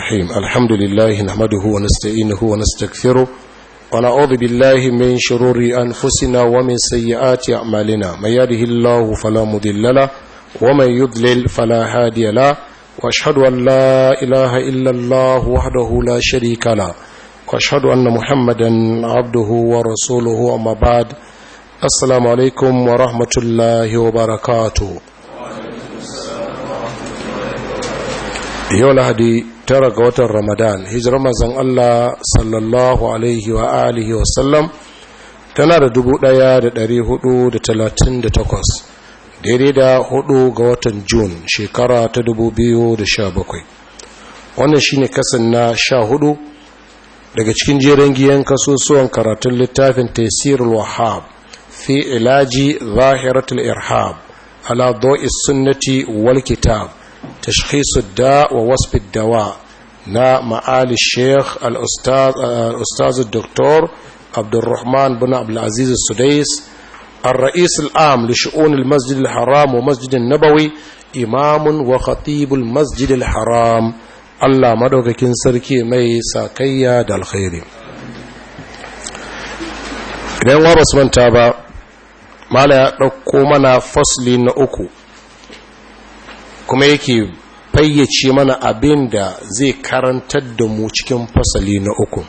رحيم الحمد لله نحمده ونستعينه ونستغفره ونعوذ بالله من شرور أنفسنا ومن سيئات أعمالنا من يده الله فلا مضل له ومن يضلل فلا هادي له واشهد أن لا إله إلا الله وحده لا شريك له واشهد أن محمدا عبده ورسوله أما بعد السلام عليكم ورحمة الله وبركاته yau lahadi tara ga watan ramadan hijirar mazan allah sallallahu alaihi wa alihi wa sallam tana da da talatin takwas daidai da hudu ga watan Jun shekara ta sha bakwai. wannan shine kasan na sha hudu daga cikin jerin giyan kasusuwan karatun littafin tesirul wahab fi ilaji zahiratul irhab ala do'is sunnati wal kitab tashkhisu da wa wasfi dawa na ma'ali sheikh al-ustaz doktor abdurrahman bin abdulaziz sudais الرئيس العام لشؤون المسجد الحرام ومسجد النبوي إمام وخطيب المسجد الحرام الله مدوككين سركي مي ساكيا دالخير idan wa basu manta ba mala ya ɗauko mana fasli na uku kuma yake fayyace mana abin da zai karantar da mu cikin fasali na uku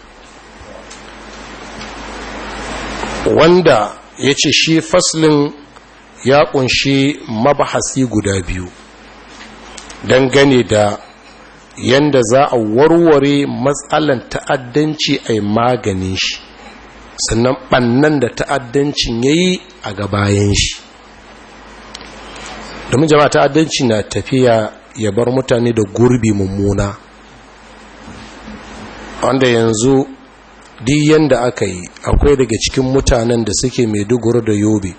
wanda ya ce shi faslin ya kunshi mabahasi guda biyu dangane da yanda za a warware matsalan ta'addanci a maganin shi sannan ɓannan da ta'addancin ya yi a gabayen shi domin jama'a ta'addanci na tafiya ya bar mutane da gurbi mummuna wanda yanzu duk yanda aka yi akwai daga cikin mutanen da suke mai maiduguri da yobe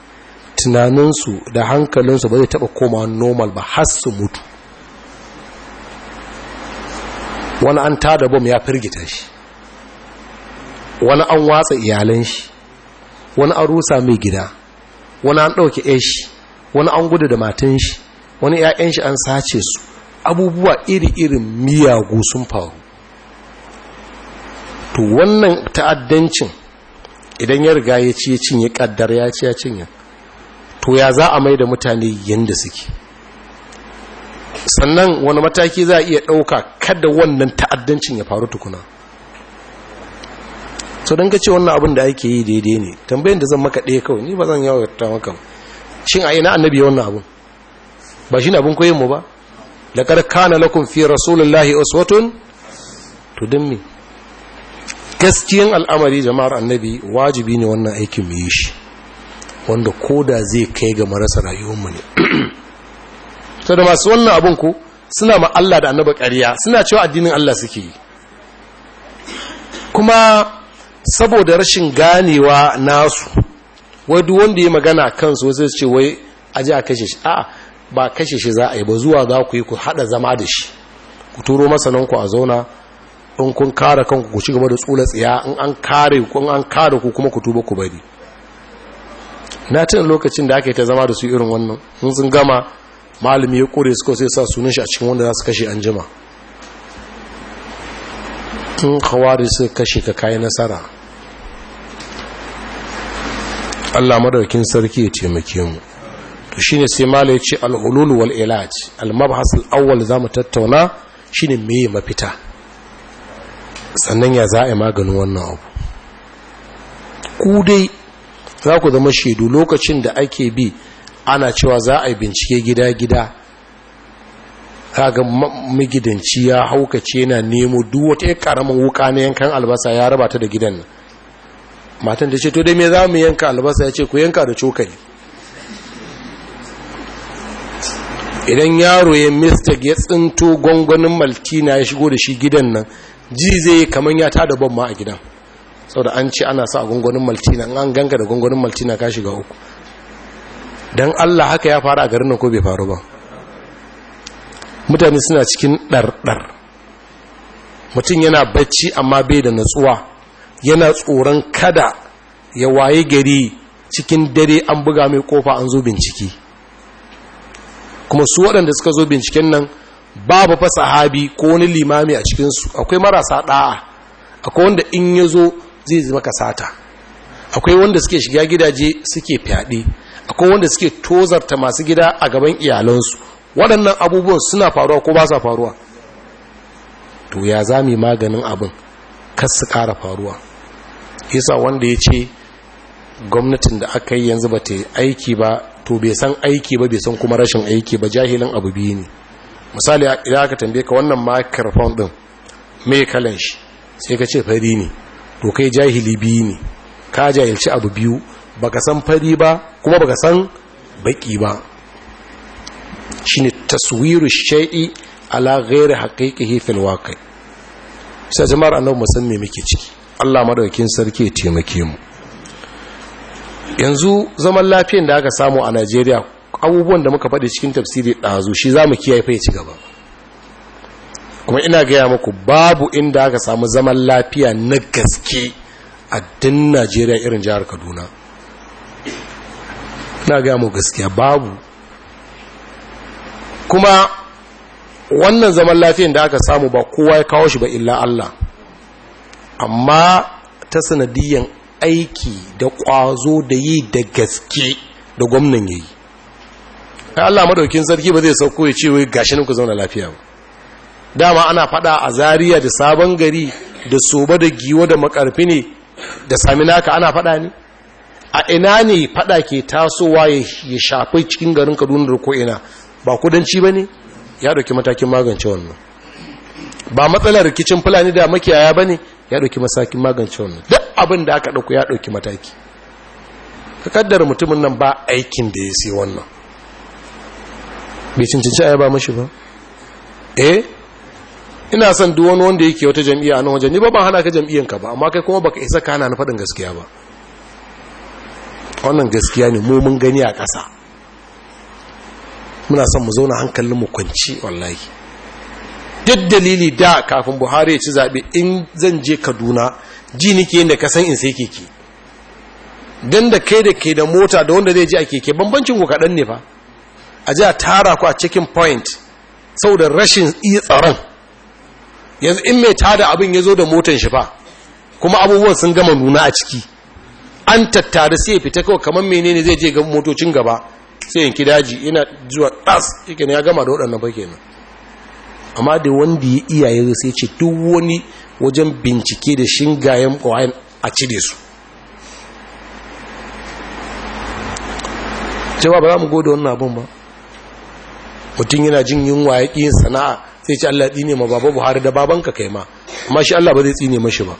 tunaninsu da hankalinsu ba zai taɓa koma normal ba har su mutu wani an tada bom ya firgita shi wani an watsa iyalan shi wani an rusa mai gida wani an ɗauke shi wani an gudu da matan shi wani 'ya'yan shi an sace su abubuwa iri-irin miyagu sun faru to wannan ta'addancin idan ya riga ya ci ya cinye kaddar ya ci ya cinye to ya za a mai da mutane yadda suke sannan wani mataki za a iya ɗauka kada wannan ta'addancin ya faru tukuna so don ka ce wannan abin da ake yi daidai ne tambayin da zan maka ɗaya kawai ni ba zan yawo ta maka ba shin a ina annabi wannan abun ba shi ne abin koyin mu ba laƙar kana lakun fi rasulullahi uswatun to don me gaskiyan al'amari jama'ar annabi wajibi ne wannan aikin mu yi shi wanda da zai kai ga marasa mu ne to da masu wannan abun ko suna ma Allah da annaba ƙarya suna cewa addinin Allah suke yi kuma saboda rashin ganewa nasu wai duk wanda ya magana kansu wasu ce wai a ji a kashe shi a'a ba kashe shi za a yi ba zuwa za ku yi ku haɗa zama da shi ku turo masananku a zauna in kun kare kanku ku ci gaba da tsula tsiya in an kare ku an kare ku kuma ku tuba ku bari na tun lokacin da aka yi ta zama da su irin wannan in sun gama malami ya kore suka sai sa sunan shi a cikin wanda za su kashe an jima in kawari suka kashe ka kayi nasara Allah madaukin sarki ya taimake mu to shine sai mala ya ce al-hulul wal ilaj al-mabhas al-awwal zamu tattauna shine meye mafita sannan ya za yi maganin wannan abu ku dai za ku zama shaidu lokacin da ake bi ana cewa za a yi bincike gida-gida kaga magidanci ya haukace yana nemo duk wata karamin wuka na yankan albasa ya raba ta da gidan nan matan da ce to dai me za mu yanka albasa ya ce ku yanka da cokali idan yaro ya mistake ya tsinto gwangwanin maltina ya shigo da shi gidan nan ji zai kamar ya tada bomba a gidan da an ce ana sa gwangwanin maltina an ganga da gwangwanin maltina ka shiga uku don allah haka ya faru a garin nan ko bai faru ba mutane suna cikin ɗarɗar mutum yana bacci amma bai da natsuwa yana tsoron kada ya waye gari cikin dare an buga mai kofa an zo bincike kuma su waɗanda suka zo binciken nan babu fa sahabi ko wani limami a cikinsu akwai marasa ɗa'a akwai wanda in ya zo zai zama kasata akwai wanda suke shiga gidaje suke fyaɗe akwai wanda suke tozarta masu gida a gaban iyalansu waɗannan abubuwan suna faruwa ko ba sa faruwa to ya zami maganin abin kas su ƙara faruwa yasa wanda ya ce gwamnatin da aka yi yanzu ba ta aiki ba to bai san aiki ba bai san kuma rashin aiki ba jahilin abu biyu ne misali idan aka tambaye ka wannan makarfon din mai kalan shi sai ka ce fari ne to kai jahili biyu ne ka jahilci abu biyu baka san fari ba kuma baka san baki ba shine taswiru shay'i ala ghairi haqiqihi fil waqi sai jama'ar annabi musamman muke ciki Allah madaukin sarki ya taimake mu yanzu zaman lafiyar da aka samu a Najeriya abubuwan da muka faɗi cikin tafsiri ɗazu shi zamu mu kiyaye fa ya ci gaba kuma ina gaya muku babu inda aka samu zaman lafiya na gaske a din Najeriya irin jihar Kaduna ina gaya mu gaskiya babu kuma wannan zaman lafiyar da aka samu ba kowa ya kawo shi ba illa Allah amma ta sanadiyyar aiki da kwazo da yi da gaske da gwamnan ya yi Allah madaukin sarki ba zai sauko ya ce wai gashi ku zauna lafiya ba dama ana fada a zariya da sabon gari da soba da giwa da makarfi ne da saminaka ana fada ne a ina ne fada ke tasowa ya shafi cikin garin kaduna da ko'ina ba kudanci ba ne ya dauki matakin magance wannan ba matsalar rikicin fulani da makiyaya ba ne ya ɗauki masakin magance wannan duk abin da aka ɗauku ya ɗauki mataki ka kaddara mutumin nan ba aikin da ya sai wannan bai cincinci a ba mashi ba eh ina son duwani wanda yake wata jam'iyya a nan wajen ni ba ban hana ka jam'iyyanka ba amma kai kuma baka isa ka hana na faɗin gaskiya ba wannan gaskiya ne mu mun gani a ƙasa muna son mu zauna hankalin mu kwanci wallahi duk dalili da kafin buhari ya ci zaɓe in zan je kaduna ji nike yadda ka san in sai keke don da kai da ke da mota da wanda zai ji a keke bambancin ku kaɗan ne fa a ji a tara ku a cikin point sau da rashin iya tsaron yanzu in mai tada abin ya zo da motan shi fa kuma abubuwan sun gama nuna a ciki an tattara sai ya fita kawai kamar menene zai je ga motocin gaba sai yanki daji yana zuwa tas yake ya gama da waɗannan ba kenan amma da wanda ya iyaye sai ce duk wani wajen bincike da shingayen ƙwayen a cire su cewa ba za mu gode wannan abin ba mutum yana jin yunwa ya ƙi sana'a sai ce Allah tsine ma baba Buhari da babanka kai ma amma shi Allah ba zai tsine mashi ba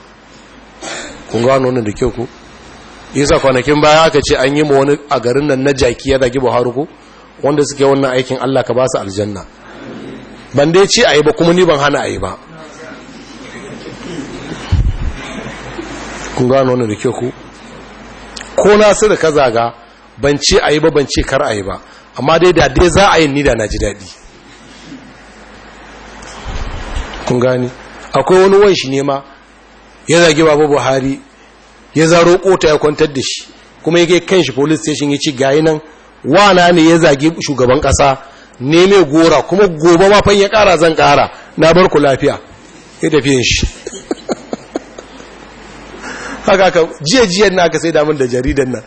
kun ga wannan da kyau ko yasa kwanakin baya aka ce an yi ma wani a garin nan na jaki ya zagi Buhari ko wanda suke wannan aikin Allah ka ba su aljanna ban dai ce a yi ba kuma ni ban hana a yi ba kun gano wani da ke ku ko na su da ka zaga ban ce a yi ba ban ce kar a yi ba amma dai da dai za a yi ni da na ji daɗi kun gani akwai wani wanshi ne ma ya zagi babu buhari ya zaro kota ya kwantar da shi kuma ya kai kan shi police station ya ci gayi nan wana ne ya zagi shugaban ƙasa neme gora kuma gobe ma fan ya ƙara zan kara na bar ku lafiya ya tafi shi haka haka jiyajiyar na aka sai damun da jaridan nan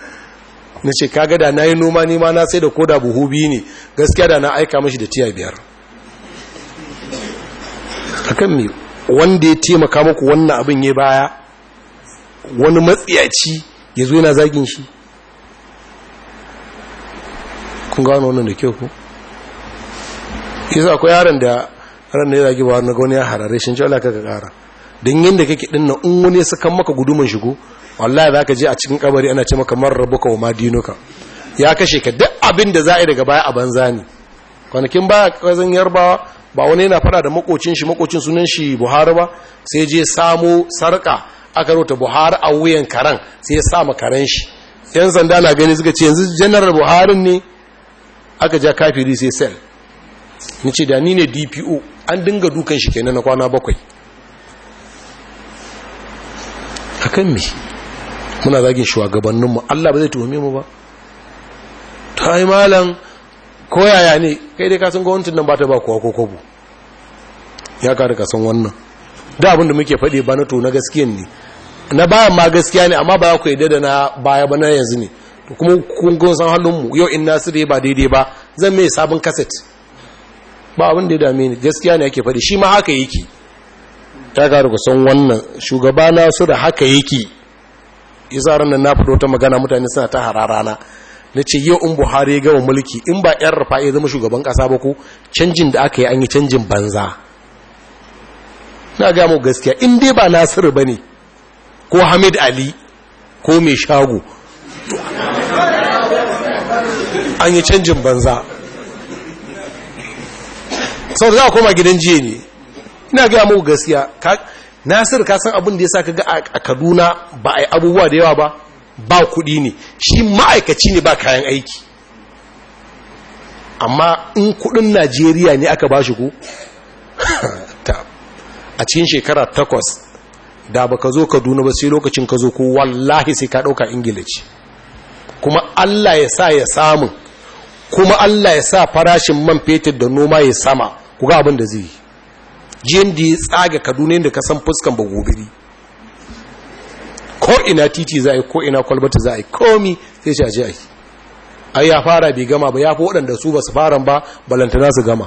na ce kaga da na yi noma nima na sai da koda buhu biyu ne gaskiya da na aika mashi da tiya biyar akan mai wanda ya taimaka muku wannan abin ya baya wani matsiyaci ya zo yana zagin shi kun gano wannan da kyau ku yasa akwai yaron da ran da ya zagi ba wani gauni ya harare shi ce Allah ka kara dan yanda kake din nan in wani kan maka guduman shigo wallahi zaka je a cikin kabari ana ce maka man rabbuka wa madinuka ya kashe ka duk abin da za yi daga baya a banza ne kwanakin baya kazan yarba ba wani yana fada da makocin shi makocin sunan shi buhari ba sai je samu sarka aka rota buhari a wuyan karan sai ya sama karan shi yan sanda na gani suka ce yanzu janar buhari ne aka ja kafiri sai sel ni ce da ni ne dpo an dinga dukan shi kenan na kwana bakwai kan me muna zagin shugabanninmu allah ba zai tuhumi mu ba ta yi malam koyaya ne kai dai kasan gwamnatin nan ba ta ba kowa ko kobo ya kada kasan wannan da abinda muke faɗi ba na to na ne na bayan ma gaskiya ne amma ba ya yadda da na baya ba na yanzu ne kuma kun san halinmu yau in nasiru ba daidai ba zan mai sabon kaset ba abin da ya dame ni gaskiya ne ake faɗi shi ma haka yake ta gara ku san wannan shugaba na su da haka yake isa ran na fito ta magana mutane suna ta hararana na ce yau in buhari ya gama mulki in ba yan rufa ya zama shugaban ƙasa ba ku canjin da aka yi an yi canjin banza na ga mu gaskiya in dai ba nasiru ba ne ko hamid ali ko mai shago an yi canjin banza sau da za a koma gidan jiya ne ina gaya muku gaskiya nasir ka san abin da ya sa ka ga a kaduna ba a yi abubuwa da yawa ba ba kudi ne shi ma'aikaci ne ba kayan aiki amma in kudin najeriya ne aka ba shi ku a cikin shekara takwas da ba ka zo kaduna ba sai lokacin ka zo ko wallahi sai ka ɗauka ingilici kuma allah ya sa ya samun kuma allah ya sa farashin man fetur da noma ya sama ku ga abin da zai yi jiyan da ya tsaga kaduna yadda ka san fuskan ba gobiri ko ina titi za a yi ko ina kwalbata za a yi komi sai shi a ji a yi ai ya fara bai gama ba ya fi waɗanda su ba su fara ba balantana su gama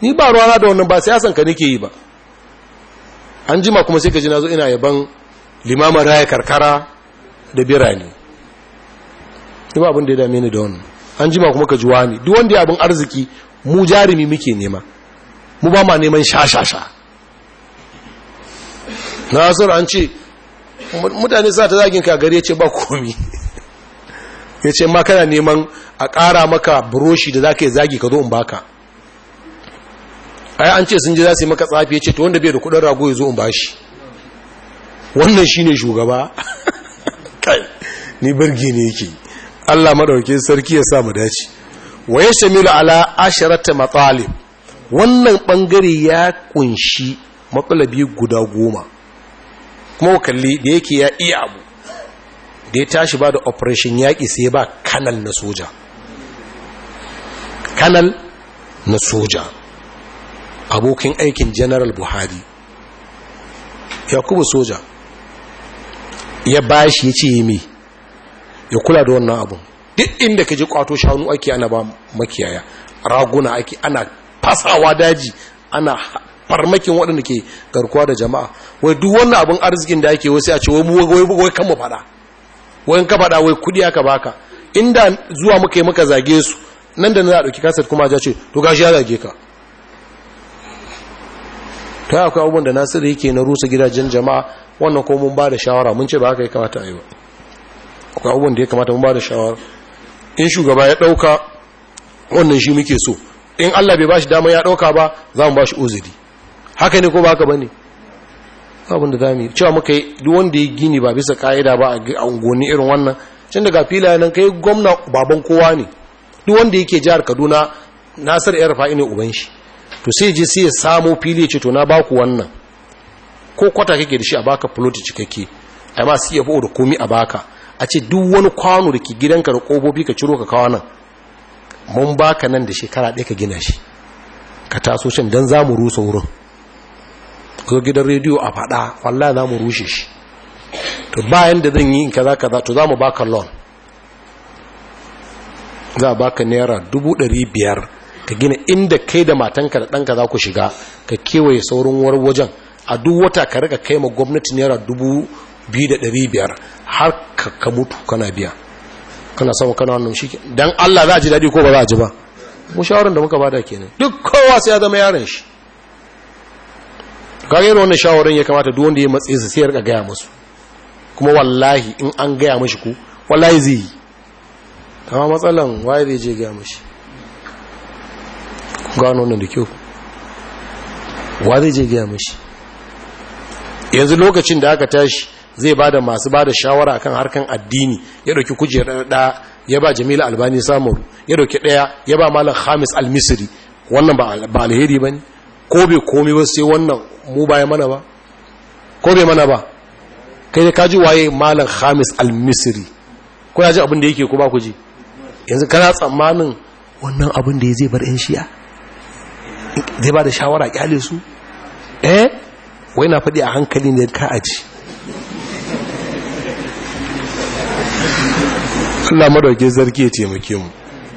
ni ba ruwa na da wannan ba siyasan ka nake yi ba an jima kuma sai ka ji nazo ina yaban limamar raya karkara da birane ni ba abin da ya dame ni da wannan an jima kuma ka ji wani duk wanda ya abin arziki mu jarumi muke nema mu ba ma neman sha sha na an ce mutane sa ta zagin kagari ya ce ba komi ya ce ma kana neman a kara maka buroshi da za ka yi zagi ka zo in baka ai an ce sun ji za su yi maka tsafi ya ce ta wanda bai da kudin rago ya zo in ba shi. wannan shi ne shugaba kai ni birgi ne yake Allah maɗauke sarki ya sa mu dace wa ya shamila ala ta matsalin wannan ɓangare ya kunshi matsalabi guda goma kuma kalli da yake ya iya abu da ya tashi ba da operation yaƙi sai ba kanal na soja kanal na soja abokin aikin general buhari yakubu soja ya bashi ya ce yi ya kula da wannan abun duk inda ka ji kwato shanu ake ana ba makiyaya raguna ake ana fasawa daji ana farmakin waɗanda ke garkuwa da jama'a wai duk wannan abin arzikin da ake wasu a ce wai wai kan mu fada wai ka fada wai kudi aka baka inda zuwa muka yi muka zage su nan da na ɗauki kasar kuma ja ce to gashi ya zage ka ta akwai abubuwan da nasiru yake na rusa gidajen jama'a wannan ko mun ba da shawara mun ce ba haka ya kamata a yi ba akwai abubuwan da ya kamata mun ba da shawara in shugaba ya ɗauka wannan shi muke so in Allah bai ba shi dama ya ɗauka ba za mu ba shi uzuri haka ne ko ba haka ne abin da dami cewa muka yi duk wanda ya gini ba bisa ka'ida ba a unguwanni irin wannan can daga filayen nan kai gwamna baban kowa ne duk wanda yake jihar Kaduna ya rufa ne uban shi to sai ji sai ya samo fili ce to na baku wannan ko kwata kake da shi a baka plot cikakke amma sai ya da komi a baka a ce duk wani kwano da ke gidanka da kobobi ka ciro ka kawo nan mun baka nan da shekara ɗaya ka gina shi ka taso shan don za mu rusa wurin zo gidan rediyo a faɗa wallah za mu rushe shi to bayan da zan yi in kaza kaza to za mu baka loan za baka naira dubu ɗari biyar ka gina inda kai da matanka da ɗanka za ku shiga ka kewaye saurin wajen a duk wata ka rika kai ma gwamnati naira dubu biyu da ɗari biyar har ka mutu kana biya kana samu kana wannan shi dan Allah za a ji daɗi ko ba za a ji ba mu shawarar da muka bada kenan duk kowa sai ya zama yaron shi ga yaron wannan shawarar ya kamata duk wanda ya matsi su sai ya rika gaya musu kuma wallahi in an gaya mashi ku wallahi zai yi amma matsalan waye zai je gaya mashi gano wannan da kyau wa zai je gaya mashi yanzu lokacin da aka tashi zai ba da masu ba da shawara akan harkan addini ya dauki kujerar da ya ba jamila albani samaru ya dauki daya ya ba malam khamis almisri wannan ba alheri ba ne ko bai komai ba sai wannan mu baya mana ba ko bai mana ba kai ne kaji waye malam khamis almisri ko ya ji abin da yake ko ba ku ji yanzu kana tsammanin wannan abin da ya zai bar yan shi'a zai ba da shawara kyale su eh wai na faɗi a hankali ne ka aji Allah madauke zargi ya taimake mu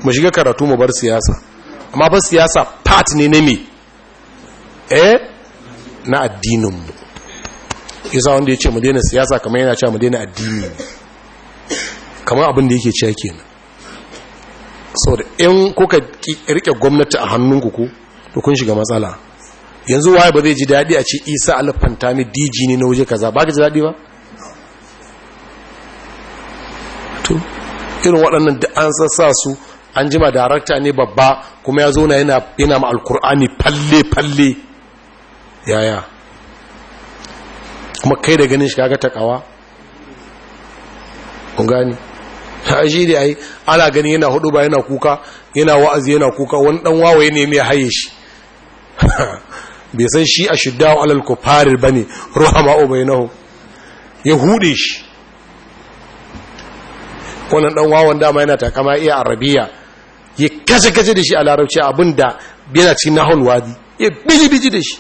mu shiga karatu mu bar siyasa amma ba siyasa part ne na me eh na addinin mu yasa wanda yace mu daina siyasa kamar yana cewa mu daina addini kamar abin da yake cewa kenan saboda in kuka rike gwamnati a hannun ku to kun shiga matsala yanzu waye ba zai ji daɗi a ce isa alfantami dg ne na waje kaza ba ka ji daɗi ba to irin waɗannan da an sassa su an jima darakta ne babba kuma ya zo na yana ma alkur'ani falle-falle yaya kuma kai da ganin shi kaga takawa kun gani shi da ai ana gani yana hudu ba yana kuka yana wa'azi yana kuka wani dan wawaye ne mai haye shi bai san shi a shidda alal ba bane ruhama ubainahu ya hude shi wannan dan wawan dama yana takama iya arabiya ya kace kace da shi a larabci abinda yana cikin nahul wadi ya biji biji da shi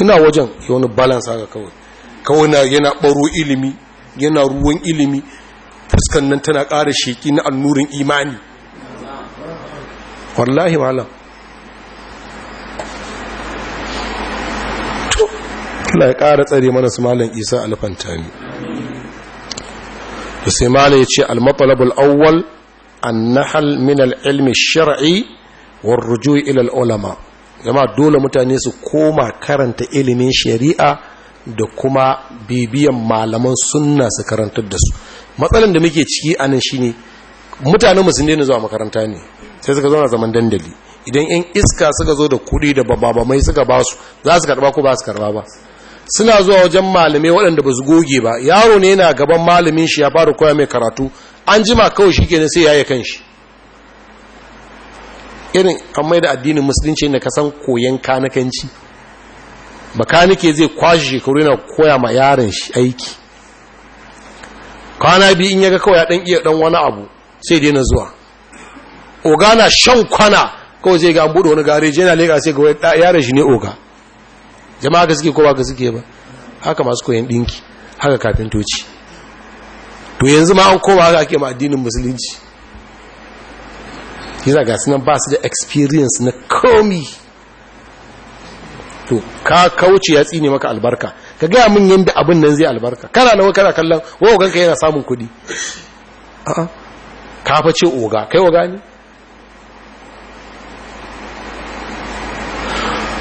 ina wajen ya wani balance haka kawai kawai na yana baro ilimi yana ruwan ilimi fuskan nan tana ƙara sheki na annurin imani wallahi malam to Allah ya ƙara tsare mana su malam Isa alfantani sai ya ce almatalabul awwal annahal min al-ilmi shar'i war rujui ila ulama jama'a dole mutane su koma karanta ilimin shari'a da kuma bibiyan malaman sunna su karantar da su matsalan da muke ciki anan shine mutanen sun dena zuwa makaranta ne sai suka zauna zaman dandali idan yan iska suka zo da kuɗi da bababamai suka ba su za su karba ko ba su karba ba suna zuwa wajen malamai waɗanda ba su goge ba yaro ne yana gaban malamin shi ya fara koya mai karatu an jima kawai shi kenan sai ya yi kan shi irin an mai da addinin musulunci na kasan koyon kanakanci makanike zai kwashe shekaru yana koya ma yaron shi aiki kwana biyu in yaga kawai ya dan iya dan wani abu sai daina zuwa oga na shan kwana kawai zai ga an buɗe wani gareji yana leka sai ga yaron shi ne oga jama'a ga suke ko ba ga suke ba haka masu koyan dinki haka kafintoci to yanzu ma an koma haka ake ma addinin musulunci yana ga sunan ba su da experience na komi to ka kauce ya tsine maka albarka ka gaya min yadda abin nan zai albarka kana na kana kallon wawo ganka yana samun kuɗi a'a ka fa ce oga kai oga ne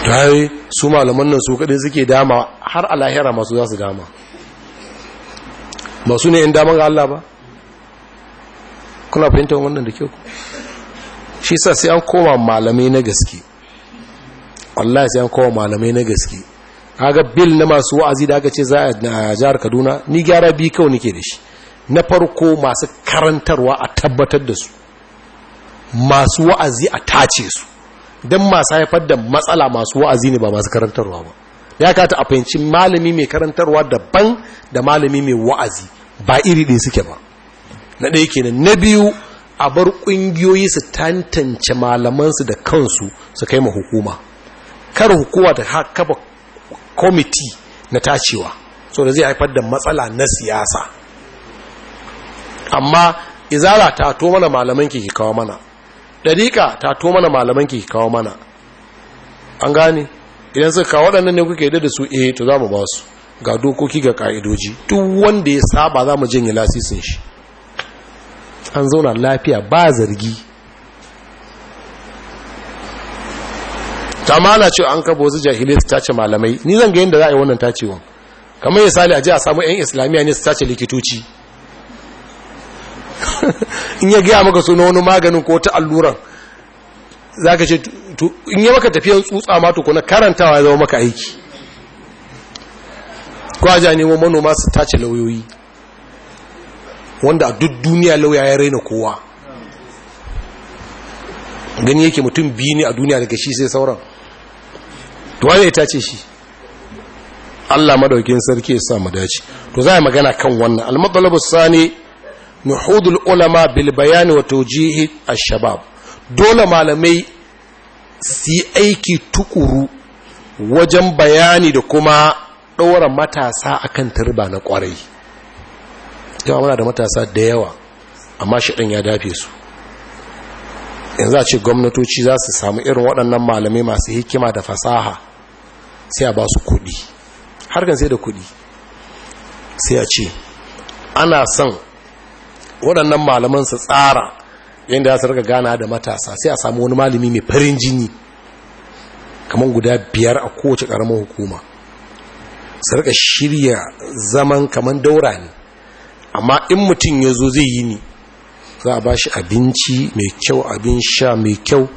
tare su malaman nan su kadai suke dama har a lahira masu za su dama ba su ne yin dama ga Allah ba kuna fahimtar wannan da kyau shi sa sai an koma malamai na gaske wallahi sai an koma malamai na gaske kaga bil na masu wa'azi da aka ce za a jihar Kaduna ni gyara biyu kawai nake da shi na farko masu karantarwa a tabbatar da su masu wa'azi a tace su don masu haifar da matsala masu wa'azi ne ba masu karantarwa ba ya kata a fahimci malami mai karantarwa daban da malami mai wa'azi ba iri ɗin suke ba na ɗaya kenan na biyu a bar ƙungiyoyi su tantance malamansu da kansu su kai ma hukuma kar hukuma ta kafa kwamiti na tacewa so da zai haifar da matsala na siyasa amma izara ta to mana malaman ki kawo mana ɗariƙa ta to mana malaman ki kawo mana an gane idan suka kawo waɗannan ne kuke da su eh to za mu ba su ga dokoki ga ƙa'idoji duk wanda ya saba za mu janye lasisin shi an zauna lafiya ba zargi ta mana ce an kaba wasu jahilai su tace malamai ni zan ga yadda za a yi wannan tacewa kamar ya sali a ji a samu 'yan islamiyya ne su tace likitoci in ya gaya maka suna wani maganin ko ta alluran za ka ce in yi maka tafiyan tsutsa mato kuna karantawa ya zama maka aiki kwaja nemo manoma su tace lauyoyi wanda a duk duniya lauya ya raina kowa gani yake mutum biyu ne a duniya daga shi sai sauran tuwa ne ta ce shi allah madaukin sarki ya sa mu dace to za a magana kan wannan almatalabus sani nuhudul ulama bil bayani wa tawjihi ash-shabab dole malamai su yi aiki tukuru wajen bayani da kuma ɗora matasa akan turba na kwarai yawa muna da matasa da yawa amma shaɗin ya dafe su yanzu a ce gwamnatoci za su samu irin waɗannan malamai masu hikima da fasaha sai a ba su kuɗi harkar sai da kuɗi sai a ce ana son waɗannan malaman su tsara yadda ya su rika gana da matasa sai a samu wani malami mai farin jini kamar guda biyar a kowace ƙaramin hukuma sarka shirya zaman kamar daura ne amma in mutum ya zo zai yi ni za a ba shi abinci mai kyau abin sha mai kyau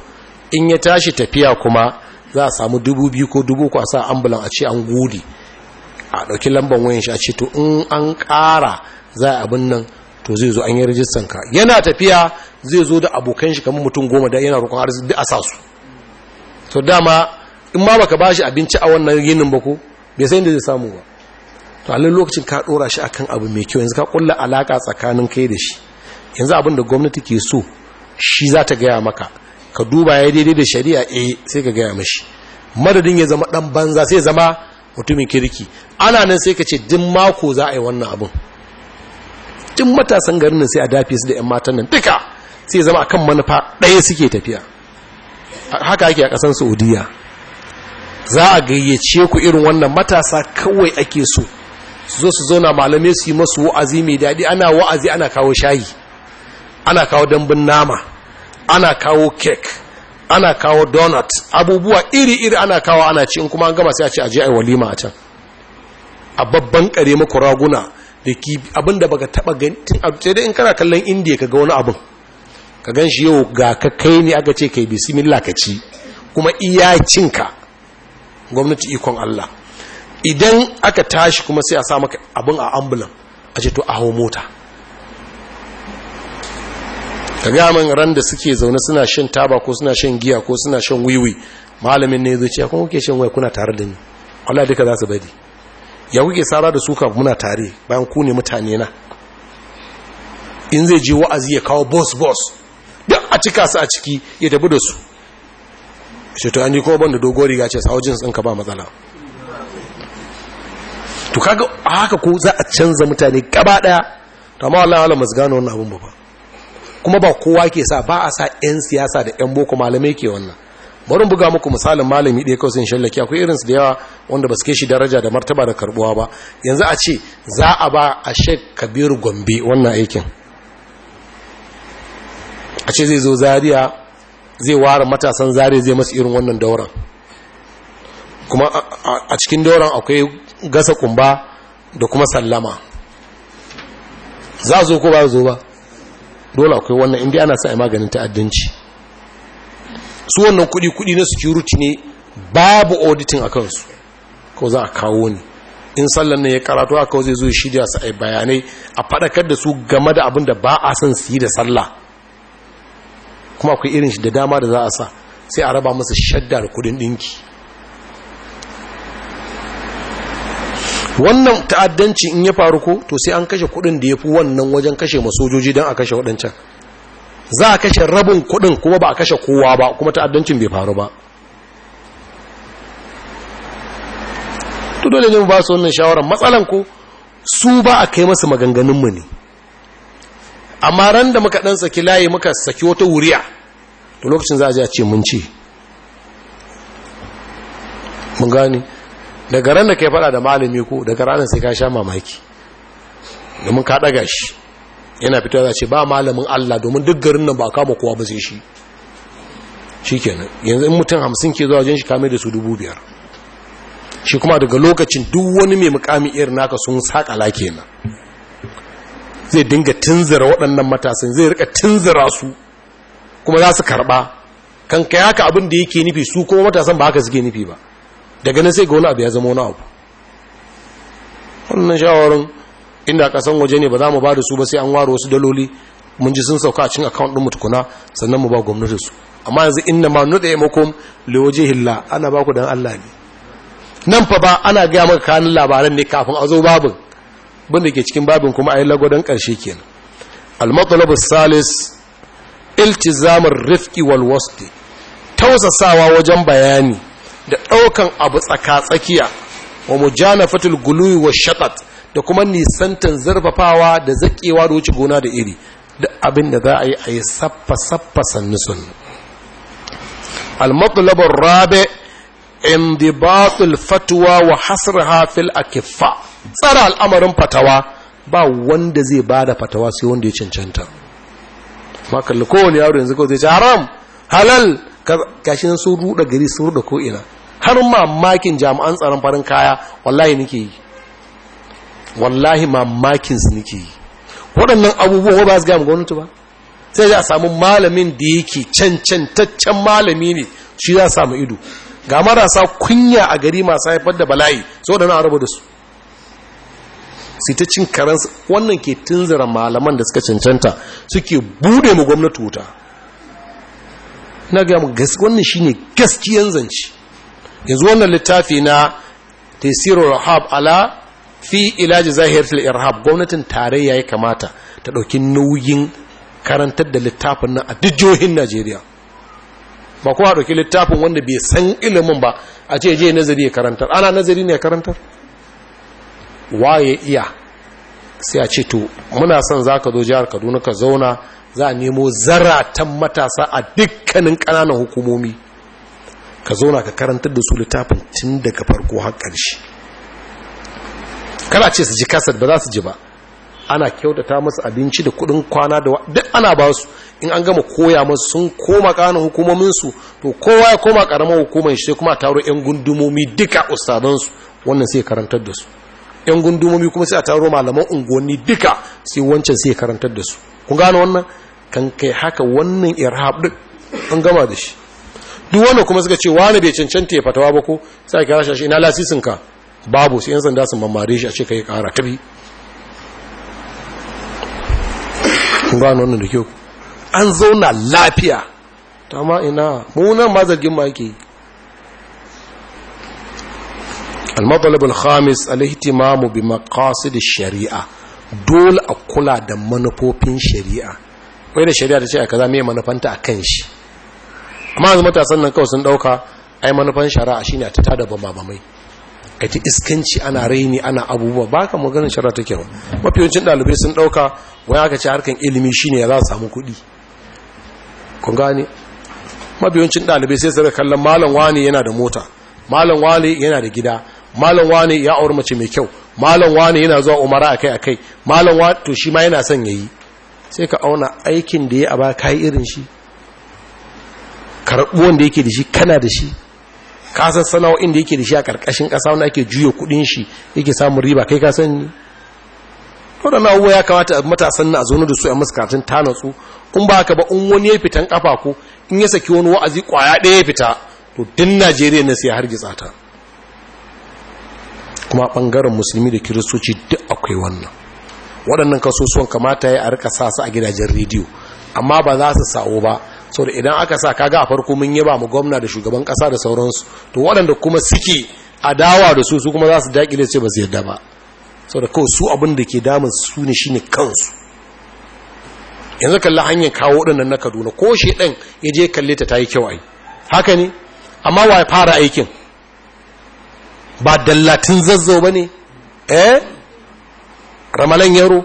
in ya tashi tafiya kuma za a samu dubu biyu ko dubu ku a sa ambulan a ce an gudi a ɗauki lambar wayan shi a ce to in an ƙara za a abin nan to zai zo an yi rajistan ka yana tafiya zai zo da abokan shi kamar mutum goma da yana rukun arziki a sa su to dama in ma baka bashi abinci a wannan yinin ba ko bai san inda zai samu ba to a lokacin ka dora shi akan abu mai kyau yanzu ka kulla alaka tsakanin kai da shi yanzu abin da gwamnati ke so shi za ta gaya maka ka duba ya daidai da shari'a eh sai ka gaya mashi madadin ya zama dan banza sai zama mutumin kirki ana nan sai ka ce duk mako za a yi wannan abin duk matasan garin nan sai a dafe su da 'yan matan nan duka sai zama akan manufa ɗaya suke tafiya haka ake a ƙasan saudiya za a gayyace ku irin wannan matasa kawai ake so su zo su zauna malamai su yi masu wa'azi mai daɗi ana wa'azi ana kawo shayi ana kawo dambun nama ana kawo kek ana kawo donut abubuwa iri-iri ana kawo ana ci in kuma an gama sai a ce a a yi walima a can a babban kare muku raguna da ki abinda baka taba gani sai dai in kana kallon indiya ka ga wani abin ka gan shi yau ga ka kai ne aka ce kai bismillah ka ci kuma iyacinka gwamnati ikon Allah idan aka tashi kuma sai a sa maka abin a ambulan a ce to a hau mota ka ga min ran da suke zaune suna shan taba ko suna shan giya ko suna shan wiwi malamin ne zai ce kuma kuke shan waya kuna tare da ni Allah duka za su bari ya kuke tsara da suka muna tare bayan ku ne mutane na in zai je wa'azi ya kawo boss boss duk a cika su a ciki ya tafi da su shi to an yi kuma banda dogon riga ce sawo jins ɗinka ba matsala to kaga haka ko za a canza mutane gaba ɗaya to amma wallahi wala masu gano wannan abin ba kuma ba kowa ke sa ba a sa 'yan siyasa da 'yan boko malamai ke wannan bari buga muku misalin malami ɗaya kawai sun shallake akwai irinsu da yawa wanda ba su shi daraja da martaba da karbuwa ba yanzu a ce za a ba a shek kabiru gombe wannan aikin a ce zai zo zariya zai ware matasan zariya zai masu irin wannan dauran kuma a cikin dauran akwai gasa kumba da kuma sallama za a zo ko ba zo ba dole akwai wannan Indiya ana sa maganin ta'addanci su wannan kudi kudi na security ne babu auditing a kansu ko za a kawo ne in sallan nan ya karatu kawo zai zo shirya su a bayanai a faɗakar da su game da abin da ba a san su yi da sallah kuma akwai irin shi da dama da za a sa sai a raba masa shaddar kudin dinki wannan ta'addanci in ya faru ko to sai an kashe kudin da ya fi wannan wajen kashe masojoji don a kashe waɗancan za a kashe rabin kudin kuma ba a kashe kowa ba kuma ta'addancin bai faru ba to dole mu ba su wannan shawarar matsalan ko su ba a kai masu maganganunmu ne amma ran da muka dan saki layi muka saki wata wuriya to lokacin za a ji a ce mun ce mun gane daga ran da kai fada da malami ko daga ranar sai ka sha mamaki domin ka daga shi yana fitowa za ce ba malamin Allah domin duk garin nan ba kama kowa ba zai shi shikenan yanzu in mutum hamsin ke zuwa wajen shi kame da su dubu biyar shi kuma daga lokacin duk wani mai mukami irin naka sun sakala kenan zai dinga tunzira waɗannan matasan zai rika tunzira su kuma za su karɓa kanka yaka abin da yake nufi su kuma matasan ba haka suke nufi ba daga nan sai ga wani abu ya zama wani abu wannan shawarar inda kasan waje ne ba za mu ba da su ba sai an ware wasu daloli mun ji sun sauka a cikin account din mu tukuna sannan mu ba gwamnati su amma yanzu inna ma nuda ya makom liwaje ana ba ku dan Allah ne nan fa ba ana gaya maka kanin labaran ne kafin a zo babin bin da ke cikin babin kuma a yi lagwadon ƙarshe kenan al-matlabu salis iltizamur rifqi wal wasti tausasawa wajen bayani da ɗaukan abu tsaka-tsakiya wa mujanafatul gului wa shatat da kuma nisantan zarfafawa da zaƙewa da wuce gona da iri duk abin da za a yi a yi saffa saffa sannu sannu almatulabar rabe indibatul fatuwa wa hafil a kifa tsara al'amarin fatawa ba wanda zai ba da fatawa sai wanda ya cancanta makalli kowane yaro yanzu kawai zai ce haram halal gashin sun ruda gari sun ruda ko'ina har mamakin jami'an tsaron farin kaya wallahi nake yi wallahi mamakin su nake yi waɗannan abubuwan ba su gaya gwamnati ba sai za a samu malamin da yake cancantaccen malami ne shi za a samu ido ga marasa kunya a gari masu haifar da bala'i sau da na raba da su sai ta cin karansu wannan ke tunzira malaman da suka cancanta suke bude mu gwamnati wuta na ga mu wannan shine gaskiyan zance yanzu wannan littafi na tasiru rahab ala fi ilaji fil irhab gwamnatin tarayya ya kamata ta ɗauki nauyin karantar da littafin nan a dijohin najeriya ba a ɗauki littafin wanda bai san ilimin ba a ce je nazari ya karantar ana nazari ne ya karantar waye iya sai a ce to muna son za ka zo jihar kaduna ka zauna za a nemo zaratan matasa a dukkanin ƙananan hukumomi ka zauna ka karantar da su littafin tun daga farko har ƙarshe kada ce su ji kasar ba za su ji ba ana kyautata masu abinci da kudin kwana da duk ana ba su in an gama koya masu sun koma kanan hukumominsu to kowa ya koma karamar hukumar shi kuma taro yan gundumomi duka ustadansu wannan sai karantar da su yan gundumomi kuma sai a taro malaman unguwanni duka sai wancan sai karantar da su ku gane wannan kan kai haka wannan irhab din an gama da shi duk wannan kuma suka ce wani bai cancanta ya fatawa ba ko sai ka rasha shi ina lasisin ka babu su, yan sanda su mamare shi a ce kai kara tabi gano wannan da kyau an zauna lafiya ta ma ina munan ma zargin ma yake al-matalib al-khamis al-ihtimamu bi makasu da sharia dole a kula da manufofin shari'a wai da shari'a ta ce a kaza me manufanta akan shi amma yanzu matasan nan kawai sun dauka ai manufan shari'a shine a tada bama bamai a iskanci ana raini ana abubuwa ba ka maganin shara ta kyau mafi yawancin ɗalibai sun ɗauka wani aka ce harkar ilimi shine ya za su samu kuɗi kun gane mafi yawancin ɗalibai sai su rika kallon malam wani yana da mota malam wani yana da gida malam wani ya auri mace mai kyau malam wani yana zuwa umara akai akai malam wani to shi ma yana son yayi sai ka auna aikin da ya a ba kai irin shi karɓuwan da yake da shi kana da shi kasar sana'o'in da yake da shi a ƙarƙashin ƙasa wanda ake juya kuɗin shi yake samun riba kai ka sani waɗannan abubuwa ya kamata matasan na a zaune da su a muskatun ta natsu in ba ka ba in wani ya fitan ƙafa ko in ya saki wani wa'azi ƙwaya ɗaya ya fita to din najeriya na sai gitsa ta kuma ɓangaren musulmi da kiristoci duk akwai wannan waɗannan kasusuwan kamata ya a rika sa su a gidajen rediyo amma ba za su sawo ba saboda idan aka sa kaga a farko mun yaba mu gwamna da shugaban kasa da sauransu to waɗanda kuma suke adawa da su su kuma za su dakile ce ba su yarda ba saboda kawai su abin da ke damun su ne shine kansu yanzu kalli hanyar kawo ɗinnan na kaduna ko shi ɗan ya je kalle ta yi kyau ai haka ne amma wa fara aikin ba dallatin zazzau ba ne eh ramalan yaro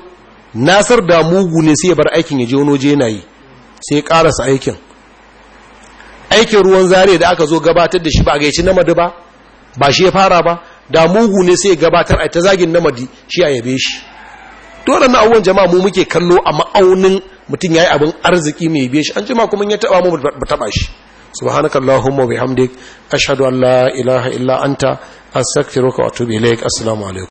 nasar da mugu ne sai ya bar aikin ya je wani waje yana yi sai ya karasa aikin aikin ruwan zare da aka zo gabatar da shi ba a gaici namadi ba ba shi ya fara ba da mugu ne sai gabatar a ta zagin namadi shi a yabe shi dole na awon jama'a mu muke kallo a ma'aunin mutum yayi abin arziki mai yabe shi an jima kuma ya taba mu ba taba shi subhanaka allahumma bihamdik ashhadu an la ilaha illa anta astaghfiruka wa atubu ilaik assalamu